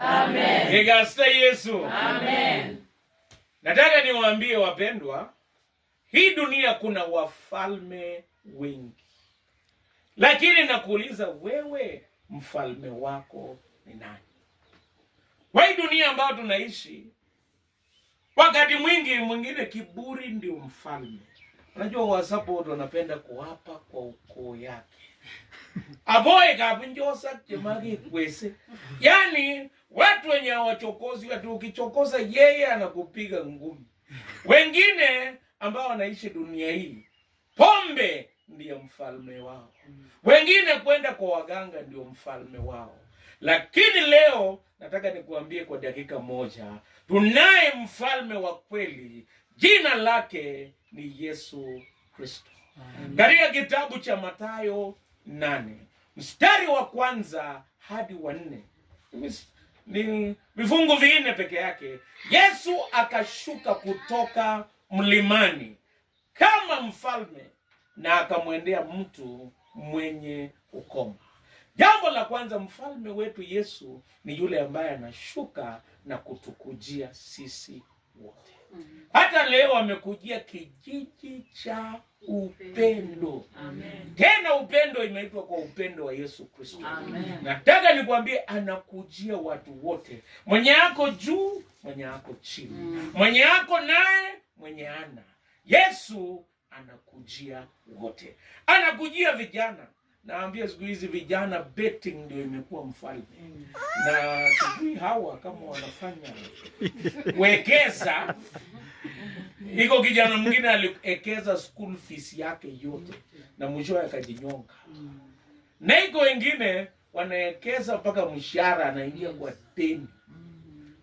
Amen. Nikasta Yesu. Amen. Nataka niwaambie wapendwa, hii dunia kuna wafalme wengi, lakini nakuuliza wewe, mfalme wako ni nani? Kwa hii dunia ambayo tunaishi, wakati mwingi mwingine kiburi ndio mfalme. Unajua watu wanapenda kuapa kwa ukoo yake aboe kabunjosa jemage kwese, yaani Watu wenye hawachokozi watu, ukichokoza yeye anakupiga ngumi. Wengine ambao wanaishi dunia hii, pombe ndiyo mfalme wao, wengine kwenda kwa waganga ndio mfalme wao. Lakini leo nataka nikuambie kwa dakika moja, tunaye mfalme wa kweli, jina lake ni Yesu Kristo. Katika kitabu cha Mathayo nane mstari wa kwanza hadi wa nne ni vifungu vinne peke yake. Yesu akashuka kutoka mlimani kama mfalme na akamwendea mtu mwenye ukoma. Jambo la kwanza, mfalme wetu Yesu ni yule ambaye anashuka na kutukujia sisi wote. Mm-hmm. Hata leo amekujia kijiji cha upendo. Amen. Tena upendo imeitwa kwa upendo wa Yesu Kristo. Nataka nikwambie anakujia watu wote, mwenye yako juu, mwenye yako chini, mm. mwenye yako naye, mwenye ana. Yesu anakujia wote, anakujia vijana Naambia siku hizi vijana betting ndio imekuwa mfalme mm. na sijui hawa kama wanafanya wekeza. Iko kijana mwingine aliwekeza school fees yake yote na mwisho akajinyonga, mm. na iko wengine wanaekeza mpaka mshahara anaingia kwa mm.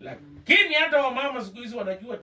lakini hata wamama siku hizi wanajua